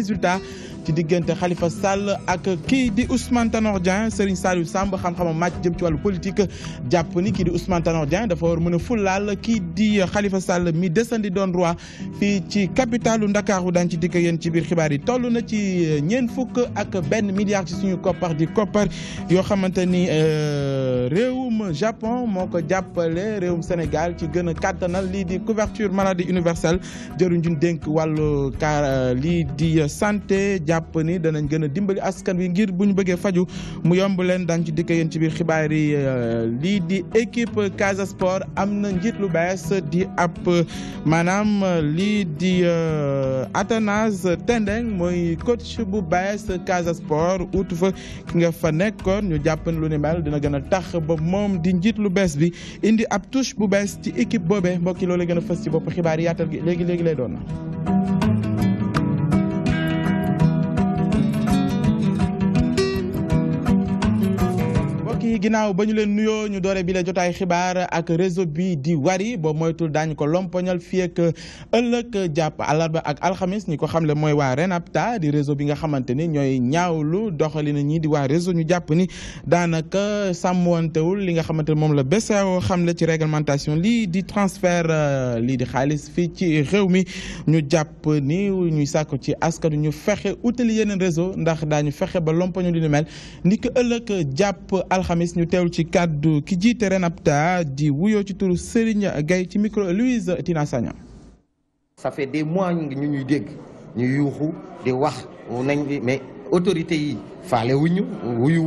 Résultat, ci diggante Khalifa Sall ak ki di Ousmane Tanor Dieng Serigne Saliou Samb xam-xamam match jëm ci walu politique japp ni ki di Ousmane Tanor Dieng dafa war mëna fulal ki di Khalifa Sall mi desandi don roi fi ci capitalu Ndakaaru daan ci dikk yeen ci biir xibaar yi toll na ci euh, ñeen fukk ak ben milliard ci suñu copar di copar yo xamanteni ni euh, réewum Japon moko jappalé réewum Sénégal ci gëna katanal li di couverture maladie universelle jëruñ juñ dénk car euh, lii di santé jàpp ni danañ gën a dimbali askan wi ngir bu ñu bëggee faju mu yomb leen daañu ci dikk yéen ci biir xibaar yi euh, lii di équipe Casa am na njiit lu bees di ab maanaam lii di euh, Athanase Tendeng mooy coach bu bees Casa Sport ut fa ki nga fa nekkoon ñu jàpp ni lu ne mel dana gën a tax ba moom di njiit lu bees bi indi ab touche bu bees ci équipe boobee mbokk yi loolu gën a fës ci bopp xibaar yi yaatal gi léegi léegi lay doon ginnaaw ba ñu leen nuyoo ñu doore bi la jotaay xibaar ak réseau bi di Wari boo moytul daañu ko lompoñal fii ëllëg jàpp àllarba ak alxamis ñi ko xamle mooy waa RENAPTA di réseau bi nga xamante ni ñooy ñaawlu doxali ñii di waa réseau ñu jàpp ni daanaka sàmmwantewul li nga xamante ni moom la BCEAO xamle ci réglementation lii di transfert euh, lii di xaalis fii ci réew mi ñu jàpp ni ñuy sàkku ci askanu ñu fexe utali yeneen réseau ndax daañu fexe ba lompoñu li nu ko ëllëg jàpp alxamis Thiès ñu teewlu ci kaddu ki jiite RENAPTA di wuyoo ci turu Serigne Gaye ci micro loise Tina Sagna. ça fait des mois ñu ñuy dégg ñu yuuxu di wax nañ mais autorité yi faale wuñu wuyu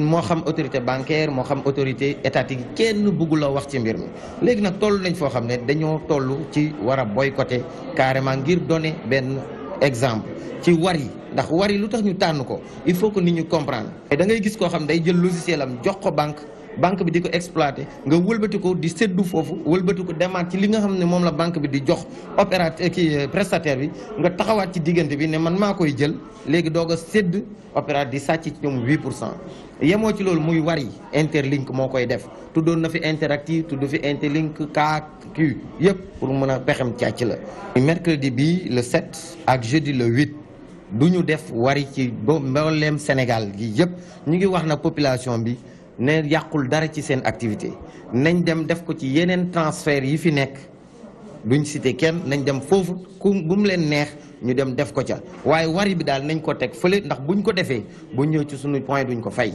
moo xam autorité bancaire moo xam autorité étatique kenn bëggula wax ci mbir mi léegi nag toll nañ foo xam ne dañoo tollu ci war a boycotter carrément ngir donner benn exemple ci war yi ndax war yi lu tax ñu tànn ko il faut que nit ñu comprendre dangay gis koo xam day jël logiciel am jox ko banque banque bi di ko exploité nga wëlbati ko di séddu foofu walbati ko demaat ci li nga xam ne moom la banque bi di jox opérateur eh, ki eh, prestateur bi nga taxawaat ci diggante bi ne man maa koy jël léegi doog a sédd opérateur di sàcc ci ñoom 8 pour yemoo ci loolu muy wari interlink moo koy def tuddoon na fi interactive tudd fi interlink KQ Yep, pour mën a pexem càcc la. mercredi bi le 7 ak jeudi le 8 du def wari ci bo mbooleem Sénégal Yep, yëpp ñu ngi wax na population bi ne yàqul dara ci seen activité nañ dem def ko ci yeneen transfert yi fi nekk duñ cité kenn nañ dem foofu ku bu mu leen neex. ñu dem def ko ca waaye wari bi daal nañ ko teg fële ndax buñ ko defee bu ñëw ci sunu point duñ ko fay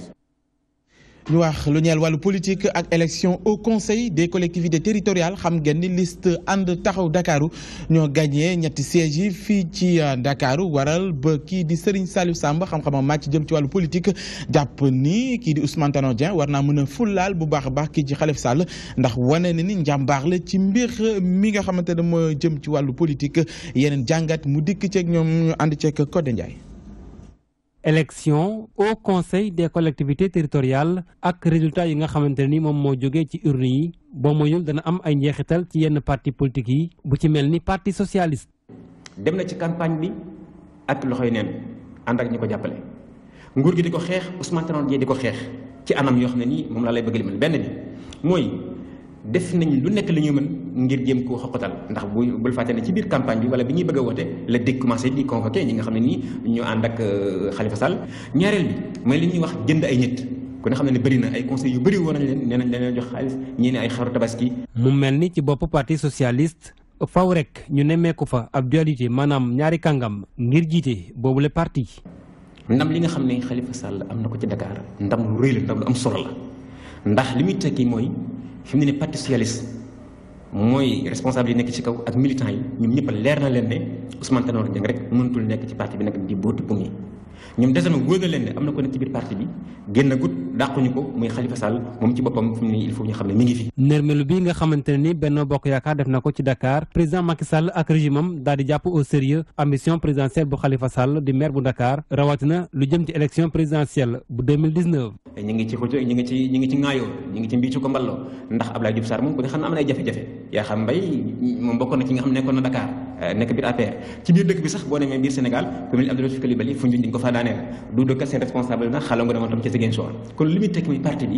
ñu wax lu ñeel wàllu politique ak élection au conseil des collectivités territoriales xam ngeen ni liste ànd taxaw Dakaaru ñoo gagné ñetti sièges yi fii ci euh, Dakaaru waral ba kii di Serigne Saliou Samba xam-xamam màcc jëm ci wàllu politique jàpp ni kii di Ousmane Tanor Dieng war naa mën a fullaal bu baax a baax kii ci Khalifa Sall ndax wane na ni njàmbaar la ci mbir mi nga xamante ne jëm ci wàllu politique yeneen jàngat mu dikk ceeg ñoom ñu ànd ceeg Codé Ndiaye élection au conseil des collectivités territoriales ak résultat yi nga xamanteni mom mo moo ci urne yi boo moyul dana am ay njeexital ci yenn parti politique yi bu ci melni parti socialiste. dem na ci campagne bi ak loxoy neen ànd ak ñu ko nguur gi diko xex Ousmane Tanor Dieng di ko xeex ci anam yo xam ni mom la lay bëgg limal benn bi moy def nañ lu nekk li ñuy mën ngir jéem koo xoqatal ndax bu bul fàtte ne ci biir campagne bi wala bi ñuy bëgg a woote la dégg commencé di convoqué ñi nga xam ne nii ñu ànd ak euh, Khalifa Sall ñaareel bi mooy li ñuy wax jënd ay nit ku ne xam ne bëri na ay conseils yu bëri woon nañ leen nee nañ leen jox xaalis ñii ne ay xaru tabaski. mu mel ni ci bopp parti socialiste. faw rek ñu nemmeeku fa ab dualité maanaam ñaari kàngam ngir jiite boobu boobule parti. ndam li nga xam ne Khalifa Sall am na ko ci Dakar ndam lu rëy am solo la ndax li mooy fi mu ne nii parti socialiste mooy responsable yi nekk ci kaw ak militant yi ñoom ñëpp leer na leen ne Ousmane Tanor Dieng rek mënatul nekk ci parti bi nag di bootu bu ngi ñoom dese na a leen ne am na ko nekk ci biir parti bi génn gut dàquñu ko muy Khalifa Sall moom ci boppam fi mu il faut ñu xam ne mi ngi fi. nërmelu bi nga xamante ne ni benn Bokk Yaakaar def na ko ci dakaar président Macky Sall ak régime am daal di jàpp au sérieux ambition présidentielle bu Khalifa Sall di maire bu Dakar rawatina lu jëm ci élection présidentielle bu 2019. ñu ngi ci xëccoo ngi ci ngi ci ŋaayoo ñu ngi ci mbii ci ko mballoo ndax Abdoulaye Diouf Sarr moom ku nga xam ne am na ay Eh, nekk biir APR ci biir dëkk bi sax bo demee biir Sénégal comme mel Abdou Latif Coulibaly fu ñu ko fa daané du dëkk seen responsable na xala nga dama tam ci Ziguinchor kon limi muy tekk muy parti bi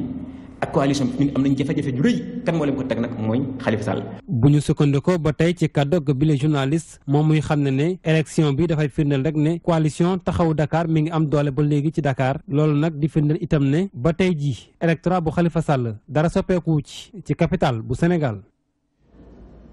ak coalition bi am nañ jafé jafé ju rëy kan mo leen ko teg nak moy Khalifa Sall. bu ñu ko ba tay ci bi bile journaliste moom muy xamné né élection bi da fay firndeel rek né coalition taxaw Dakar mi ngi am doole ba léegi ci Dakar loolu nak di firndeel itam né ba tay ji électorat bu Khalifa Sall dara soppeeku ci ci capitale bu Sénégal.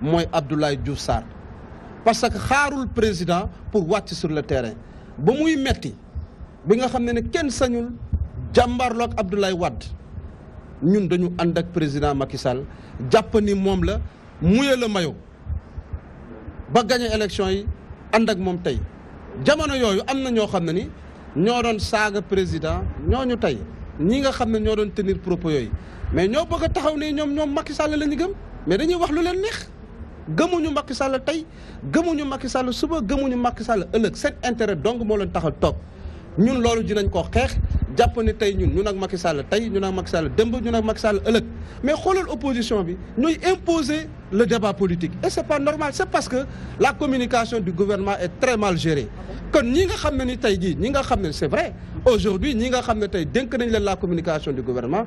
mooy Abdoulaye Diouf Sarr parce que xaarul président pour wàcc sur le terrain ba muy metti bi nga xam ne ne kenn sañul jàmbarloog Abdoulaye wadd ñun dañu ànd ak président Macky Sall jàpp ni moom la muyee la mayo ba gagné élection yi ànd ak moom tey jamono yooyu am na ñoo xam ne ni ñoo doon saaga président ñooñu tey ñi nga xam ne ñoo doon tenir propos yooyu mais ñoo bëgg a taxaw ne ñoom ñoom Macky Sall la ñu gëm mais dañuy wax lu leen neex. gëmuñu Macky Sall tey gëmuñu Macky Sall suba gëmuñu Macky Sall ëlëk cet intérêt dong mo leen taxal top ñun loolu dinañ ko xex jàpp ne tey ñun ñun ak Macky Sall tay ñun ak Macky Sall démb ñun ak Macky Sall ëlëk mais xolal opposition bi ñuy imposer le débat politique et c'est pas normal c'est parce que la communication du gouvernement est très mal gérée kon ñi nga xamné ne ni tey jii ñi nga xamné c'est vrai aujourd'hui ñi nga xamné tay denk nañ leen la communication du gouvernement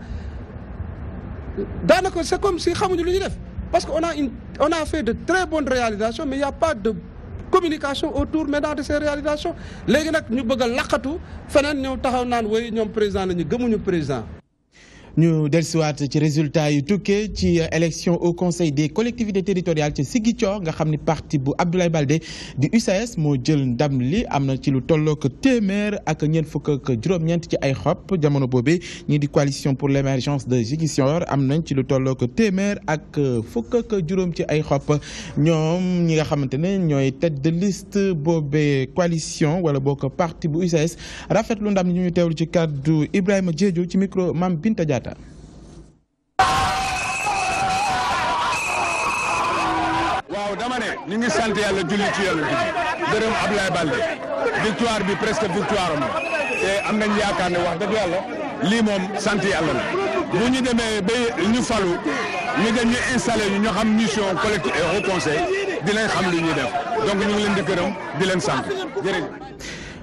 daanaka c'est comme si xamuñu lu ñu def parce qu'on a, on a fait de très bonnes réalisations, mais il n'y a pas de communication autour maintenant de ces réalisations Les gens, ñu bëgg a laqatu feneen nous taxaw naan nous sommes président président ñu dellusiwaat ci résultats yu tukkee ci euh, élection au conseil des collectivités territoriales ci Ziguinchor nga xam ni parti bu Abdoulaye Baldé di UCS moo jël ndam li am na ci lu tollook téeméer ak ñeent fukk ak juróom-ñeent ci ay xob jamono boobee ñii di coalition pour l'émergence de Ziguinchor am nañ ci lu tollook téeméer ak euh, fukk ak juróom ci ay xob ñoom ñi nga xamante ne ñooy tête de liste bobé coalition wala boo ko parti bu UCS rafetlu ndam li ñu teewlu ci kàddu Ibrahim Diédhiou ci micro Mame Binta waaw dama ne ñu ngi sant yàlla julli ci yàlla bi gërëm bal Balde victoire bi presque victoire am na te am nañ yaakaar ne wax dëgg yàlla lii moom sant yàlla la bu ñu demee ba ñu falu ñu dem ñu installé ñu ñoo xam mission collectif et au conseil di leen xam lu ñu dem donc ñu ngi leen di gërëm di leen sant jërëjëf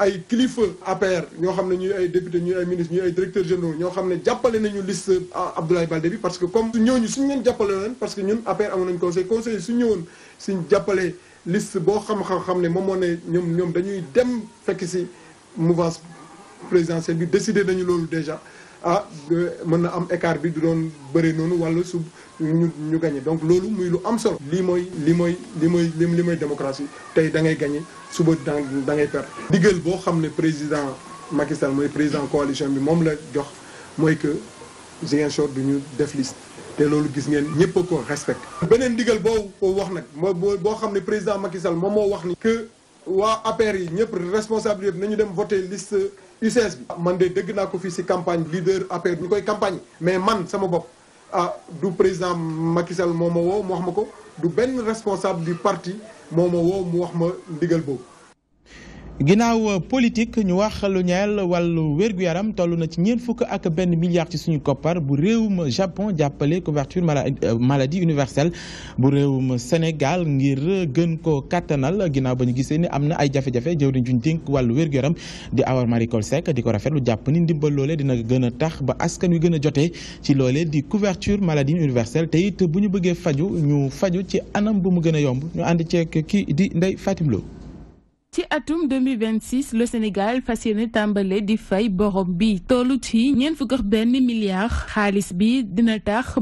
ay kilifa APR ñoo xam ne ñuy ay député ñuy ay ministre ñuy ay directeur généraux nañu liste Abdoulaye Baldé parce que comme ñooñu parce que ñun APR amoon conseil conseil suñu liste xam ne dañuy mouvance présidentielle bi décidé nañu déjà ah mon na am écart bi du doon bëri noonu wala su ñu ñu gagné donc lolu muy lu am solo. li moy li moy li moy li moy démocratie tay da ngay gagné suba da ngay perdre digël bo xamné président Macky Sall moy président coalition bi mom la jox moy que Ziguinchor du ñu def liste. té lolu gis ngeen ñepp ko respect. benen digël bo wax nak moo boo président Macky Sall moom wax ni. que wa APR yi ñepp responsable yëpp nañu dem voter liste. UCS bi man de dégg naa ko fii si campagne leader affaire ñu koy campagne mais man sama bopp ah du président Macky Sall moo ma woo mu wax ma ko du benn responsable du parti moo ma woo mu wax ma ndigal boobu ginnaaw euh, politique ñu wax lu ñeel wallu wér-gu-yaram toll na ci ñeent fukk ak benn milliard ci suñu koppar bu réewum Japon jàppale couverture euh, maladie universelle bu réewum Sénégal ngir gën ko kattanal ginnaaw ba ñu gisee ni am na ay jafe-jafe jëwriñ juñ dénk wàllu wér-gu-yaram di Awa Marie Coll Seck di ko rafetlu jàpp ni ndimbal loolee dina gën a tax ba askan wi gën a jotee ci loolee di couverture maladie universelle te it bu ñu bëggee faju ñu faju ci anam bu mu gën a yomb ñu ànd ceeg kii di Ndeye Fatim ci atum 2026 le Sénégal fasiyene tambalé di fay borom bi ci milliard xaliss bi dina tax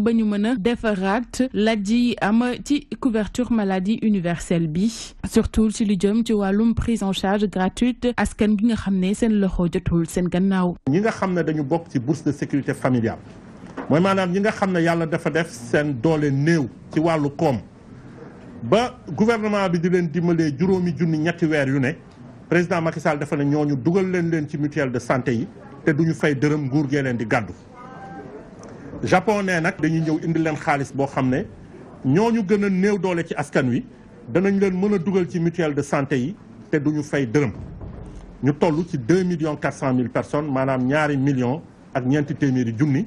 am ci couverture maladie universelle bi surtout ci li jëm ci prise en charge gratuite askan gi nga xamné loxo jotul seen gannaaw. ñi nga dañu ci bourse de sécurité familiale moy manam ñi nga xamné yalla dafa def seen ba gouvernement bi di leen dimbalee juróomi junni ñetti weer yu ne président Macky Sall dafa ne ñu dugal leen leen ci mutuel de santé yi te duñu fay dërëm nguur gee leen di gàddu ne nag dañuy ñëw indi leen xaalis boo xam ne ñooñu gën a néew doole ci askan wi danañ leen mën a dugal ci mutuel de santé yi te duñu fay dërëm ñu toll ci deux millions quatre cent mille personnes maanaam ñaari million ak ñeenti téeméeri junni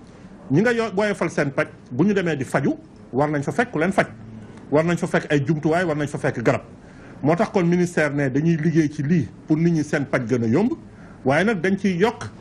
ñi nga yo booyee fal seen paj bu ñu demee di faju war nañ fa fekk ku leen faj war nañ fa fekk ay jumtuwaay war nañ fa fekk garab moo tax kon ministère ne dañuy liggéey ci lii pour nit ñi seen paj gën a yomb waaye nag dañ ciy yokk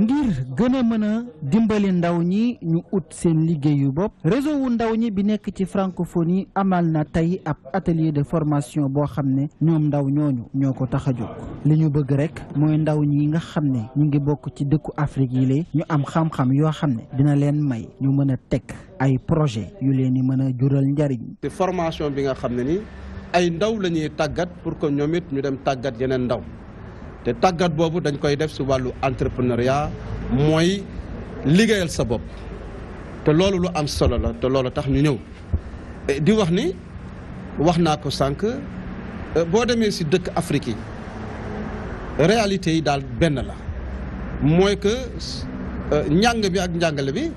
ngir gën a mën a dimbali ndaw ñi ñu ut seen liggéeyu bopp réseau ndaw ñi bi nekk ci francophonie amal na tey ab atelier de formation boo xam ne ñoom ndaw ñooñu ñoo ko tax a jóg li ñu bëgg rek mooy ndaw ñi nga xam ne ñu ngi bokk ci dëkku Afrique yi la ñu am xam-xam yoo xam ne dina leen may ñu mën a teg ay projet yu leen di mën a jural njariñ te formation bi nga xam ne ni ay ndaw la ñuy tàggat pour que ñoom it ñu dem tàggat yeneen ndaw té tagat bobu dañ koy def ci walu entrepreneuriat moy ligéyal sa bop té loolu lu am solo la té loolu tax ñu ñëw eh, di wax ni wax naa ko sank eh, bo démé ci dëkk Afrique yi réalité yi dal ben la moy que ñang eh, bi ak ñangal bi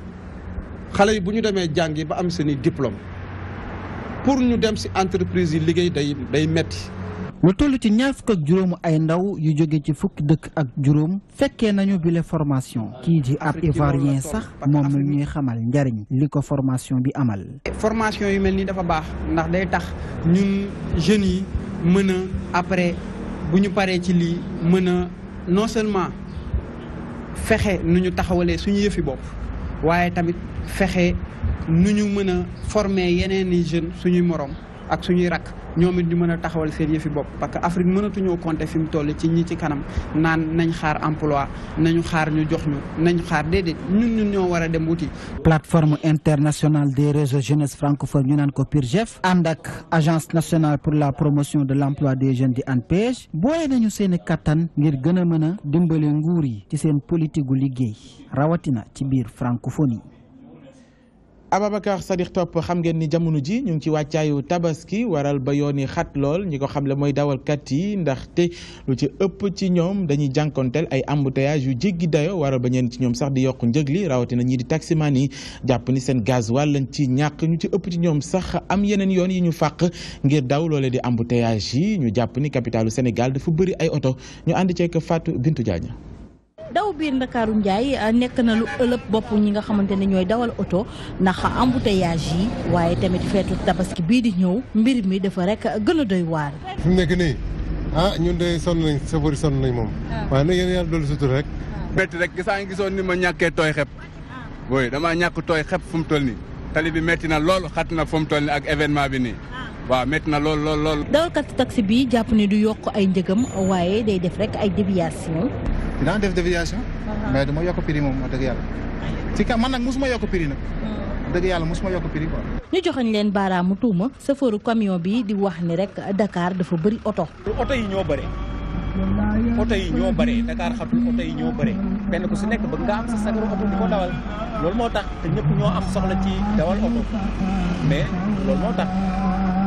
xalé yi bu ñu demee ba am seeni diplôme pour ñu dem ci entreprise yi ligéy day day metti lu toll ci ñaar fukk ak juróom ay ndaw yu jóge ci fukki dëkk ak juróom fekkee nañu bi bile formation ki di ab ivoirien sax mom mi ñuy xamal njariñ li ko formation bi amal. formation yu melni dafa bax ndax day tax ñun jeunes yi mën après buñu paré ci li mën non seulement fexé nuñu taxawalé suñu yëfi bop wayé tamit fexé nuñu ñu former yenen i jeunes suñuy morom ak suñuy rak ñoom it ñu mën a taxawal seen yëfi bopp parce que Afrique mënatuñoo compter fi mu toll ci ñi ci kanam naan nañ xaar emploi nañu xaar ñu jox ñu nañ xaar déedéet ñun ñun ñoo war a dem wuti. plateforme internationale des réseaux jeunesse francophone ñu naan ko PIRJEF ànd ak agence nationale pour la promotion de l' emploi des jeunes di ANPEJ boole nañu seen i kattan ngir gën a mën a dimbale nguur yi ci seen politique liggéey rawatina ci biir francophonie. Ababacar Sadikh Top xam ngeen ni jamono ji ñu ngi ci wàccaayu tabaski waral ba yoon yi xat lool ñi ko xamle mooy dawalkat yi ndax te lu ci ëpp ci ñoom dañuy jànkonteel ay embouteillage yu jéggi dayo waral ba ñeen ci ñoom sax di yokk njëg li rawatina ñi di taximaan yi jàpp ni seen gasoil lañ ci ñàkk ñu ci ëpp ci ñoom sax am yeneen yoon yi ñu fàq ngir daw loole di embouteillage yi ñu jàpp ni capitalu Sénégal dafa bëri ay oto ñu ànd ceeg Fatou Bintou Diagne daw biir ndakaaru njaay euh, nekk na lu ëlëb bopp ñi nga xamante ne ñooy dawal oto ndax embouteillage yi waaye tamit feetu tabaski bii di ñëw mbir mi dafa rek gën a doy waar. fi mu nekk nii ah ñun de sonn nañ safari sonn nañ moom. Ah. waaye nag yéen yàlla dolli sutur rek. bett ah. rek gisaa ngi gisoon ni ma ñàkkee tooy xep. Ah. booy damaa ñàkk tooy xep fu mu toll nii tali bi metti na lool xat na fu mu toll nii ak événement bi nii. waaw métti na lool lool lool. dawalkatu taxi bi jàpp ne du yokk ay njëgam waaye day def rek ay déviation. dinaa def déviation. mais dama yokk prix moom wax dëgg yàlla. ci ka man nag musuma yokk prix nag. dëgg yàlla musuma yokk prix quoi. ñu joxoñ leen baaraamu tuuma sëfooru camion bi di wax ni rek Dakar dafa bëri oto. oto yi ñoo bëri. oto yi ñoo bëri Dakar xatul oto yi ñoo bëri benn ku si nekk bëgg nga am sa sagaru oto di ko dawal loolu moo tax te ñëpp ñoo am soxla ci dawal oto mais loolu moo tax.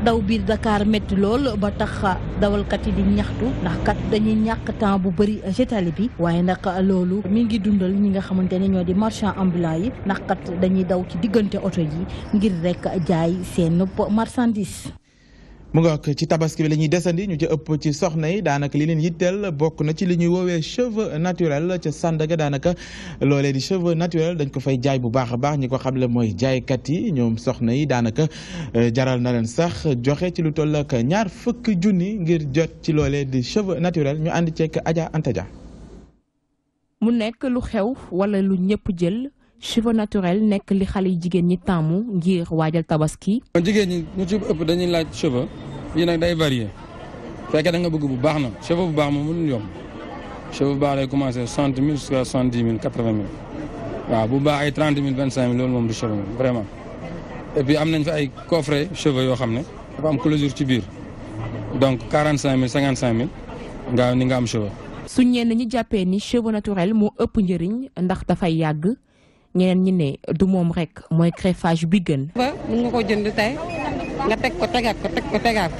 daw biir Dakar métti lool ba tax dawalkat yi di ñaxtu ndax kat dañuy ñàkk temps bu bëri ci tali bi waaye nag loolu mi ngi dundal ñi nga xamante ne ñoo di marchand ambulant yi ndax kat dañuy daw ci diggante oto yi ngir rek jaay seen nopp marchandise mu nga ci tabaski bi la ñuy desandi ñu ci ëpp ci soxna yi daanaka li leen yitteel bokk na ci li ñuy woowee cheveux naturel ca Sandaga daanaka loolee di cheveu naturel dañ ko fay jaay bu baax a baax ñi ko xam xamle mooy jaaykat yi ñoom soxna yi daanaka euh, jaral na leen sax joxe ci lu toll ñaar fukk junni ngir jot ci loolee di cheveux naturel ñu ànd ceeg aja Anta Dia mu nekk lu xew wala lu ñëpp jël. cheveux naturel nekk li xale yi jigéen ñi tàmmu ngir waajal tabaski. jigéen ñi ñu ci ëpp dañuy laaj cheveux yi nag day varié fekkee da nga bëgg bu baax na cheveux bu baax moom mënul yomb cheveux bu baax lay commencé cent mille jusqu'à cent dix mille quatre waaw bu baax ay trente mille vingt cinq mille moom du cheveux vraiment et am nañ fi ay coffret cheveux yoo xam ne dafa am closure ci biir donc quarante cinq mille cinquante cinq mille nga ni nga am cheveux. su ñenn ñi jàppee ni cheveux naturel moo ëpp njëriñ ndax dafay yàgg. ñeneen ñi ne du moom rek mooy greffage bi gën. ba mën nga ko jënd tey nga teg ko tegaat ko teg ko tegaat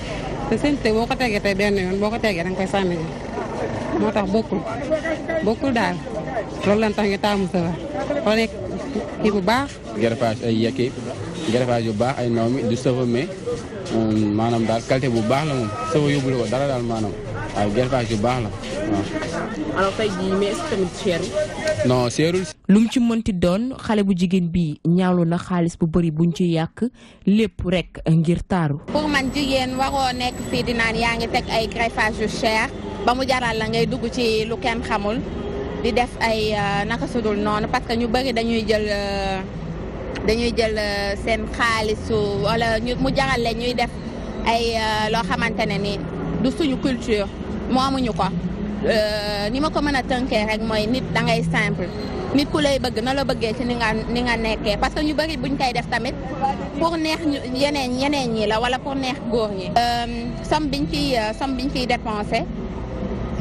te sëñ boo ko tegee tey benn yoon boo ko tegee da koy sànni moo tax bokkul bokkul daal loolu lan tax ñu taamu sa ba nekk bu baax. greffage ay yekki greffage yu baax ay noomi du sëfa mais um, maanaam daal qualité bu baax la moom sëfa yóbbu la daal maanaam. waaw gerpaak yu baax la waaw. alors tey jii mais est-ce que tamit ci mënti doon xale bu jigéen bi ñaawlu na xaalis bu bëri buñ ci yàq lépp rek ngir taaru. pour man jigéen waroo nekk fii di naan yaa ngi teg ay greffage yu cher ba mu jaral la ngay dugg ci lu kenn xamul di def ay euh, naka sudul noonu parce que ñu bëri dañuy jël. Euh, dañuy jël euh, seen xaalisu wala ñu mu jaral leen ñuy def ay loo xamante ni du suñu culture moo amuñu ko euh, ni ma ko mën a tënkee rek mooy nit da ngay simple nit ku lay bëgg na la bëggee ci ni nga ni nga nekkee parce que ñu bëri buñ koy def tamit pour neex yeneen yeneen ñi la wala pour neex góor ñi. Euh, somme biñ ciy somme biñ ciy dépensé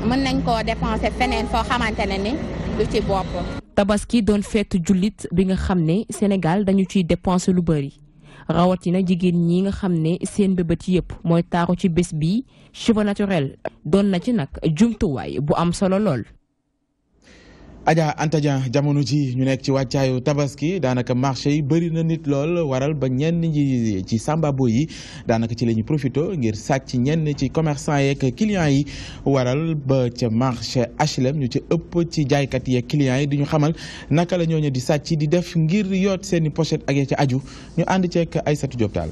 mën nañ koo dépensé feneen foo xamante ne ni lu ci bopp. tabaski doon feetu jullit bi nga xam ne Sénégal dañu ciy dépensé lu bëri. rawatina jigéen ñii nga xam ne seen bébët yëpp mooy taaru ci bés bi cheveux naturel doon na ci nag jumtuwaay bu am solo lool. Adja Anta jamono ji ñu nekk ci wàccaayu tabaski daanaka marché yi bëri na nit lool waral ba ñenn ñi ci sambabo yi daanaka ci la ñu profité ngir sàcc ñenn ci commerçant yeeg clients yi waral ba ca marché HLM ñu ci ëpp ci jaaykat yee clients yi di ñu xamal naka la ñooñu di sàcc di def ngir yoot seeni pochette ak ya ca aju ñu ànd ceeg Aïssatou Diop Tall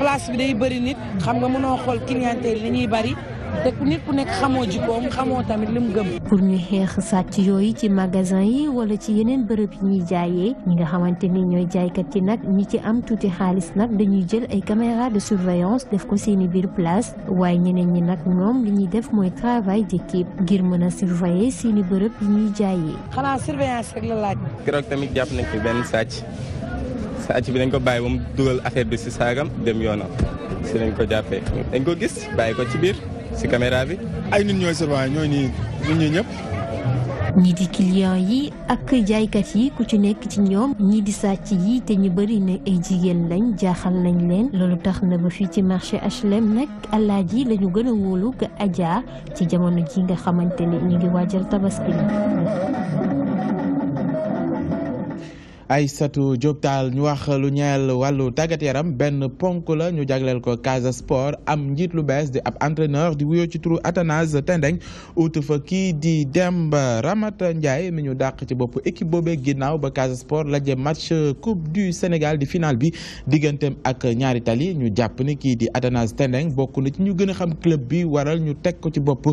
place bi day bëri nit xam nga mënoo xool clientèle ni ñuy bëri te ku nit ku nekk xamoo jikkoom xamoo tamit li mu gëm. pour ñu xeex sàcc yooyu ci magasin yi wala ci yeneen bërëb yi ñuy jaaye ñi nga xamante ni ñooy jaaykat yi nag ñi ci am tuuti xaalis nag dañuy jël ay caméra de surveillance def ko seeni biir place waaye ñeneen ñi nag ñoom li ñuy def mooy travail d'équipe ngir mën a surveiller seeni bërëb yi ñuy jaayee. xanaa surveillance rek laaj. keroog tamit jàpp nañ fi benn sa acc bi dañ ko bàyyi ba mu dugal affaire bi si saagam dem yoonam si lañ ko jàppee dañ ko gis bàyyi ko ci biir si caméra bi. ay nit ñooy surveillé ñooy ñii ñëpp. ñii di client yi ak jaaykat yi ku ci nekk ci ñoom ñii di sàcc yi te ñu bëri ne ay jigéen lañ jaaxal nañ leen loolu tax na ba fii ci marché HLM nag alaaji ji ñu gën a wóolu ga Adja ci jamono ji nga xamante ne ñu ngi waajal tabaski Aïssatou Diop Tall ñu wax lu ñeel wàllu tàggat yaram benn ponk la ñu jagleel ko Casa Sport am njiit lu bees di ab entraîneur di wuyoo ci turu Athanase Tendeng ut fa kii di Demba Ramata Ndiaye mi ñu dàq ci bopp équipe boobee ginnaaw ba Casa Sport laje match coupe du Sénégal di final bi digganteem ak ñaari tali ñu jàpp ni kii di Athanase Tendeng bokk na ci ñu gën a xam club bi waral ñu teg ko ci bopp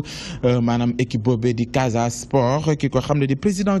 euh, maanaam équipe boobee di Casa Sport ki ko xam ne di président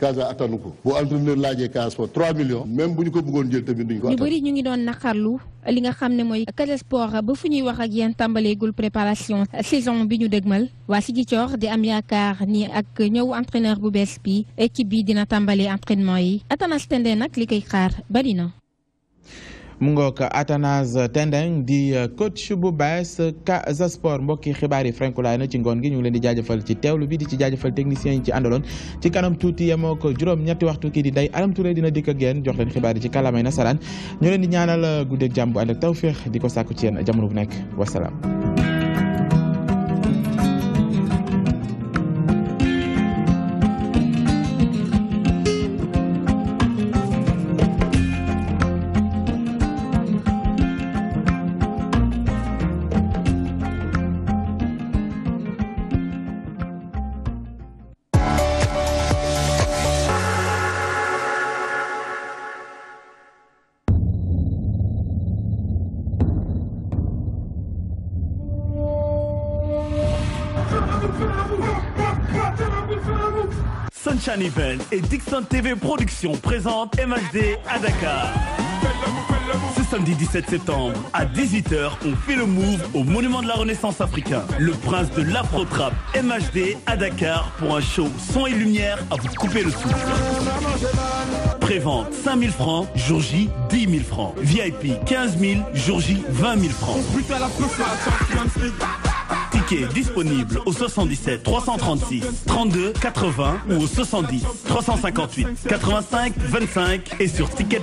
Casa attanu ko bu entraîneur laajee Casa Sport 3 millions même bu ñu ko bëggoon jël tamit ñu bëri ñu ngi doon naqarlu li nga xam ne mooy Casa Sport ba fu ñuy wax ak yéen tàmbaleegul préparation saison bi ñu dëgmal waa si Ziguinchor di am yaakaar nii ak ñëw entraîneur bu bees bi équipe bi dina tàmbalee entraînement yi Atanas Tende nag li koy xaar bari na. mu ngoog Athanase Tendeng di euh, coach bu ka euh, Casa Sport mbokki xibaar yi Frank laay na ci ngoon gi ñu leen di jaajëfal ci teewlu bi di ci jaajëfal technicien ci àndaloon ci kanam tuuti yemoo ko juróom ñetti waxtu kii di day Aram Touré dina dikk ak yéen jox leen xibaar yi ci kàllaamay nasaraan ñu leen di ñaanal euh, guddeeg jàmm bu ànd ak tawféex di ko sàkku ci yéen jamono bu nekk wasalaam Sunshine Event et Dixon TV Productions présentent MHD à Dakar. Ce samedi 17 septembre, à 18h, on fait le move au Monument de la Renaissance Africaine. Le prince de l'Afro-Trap, MHD, à Dakar, pour un show son et lumière à vous couper le souffle. Prévente 5000 francs, jour J 10 000 francs. VIP 15 000, jour J 20 000 francs disponible au 77 336 32 80 ou au 70 358 85 25 et sur ticket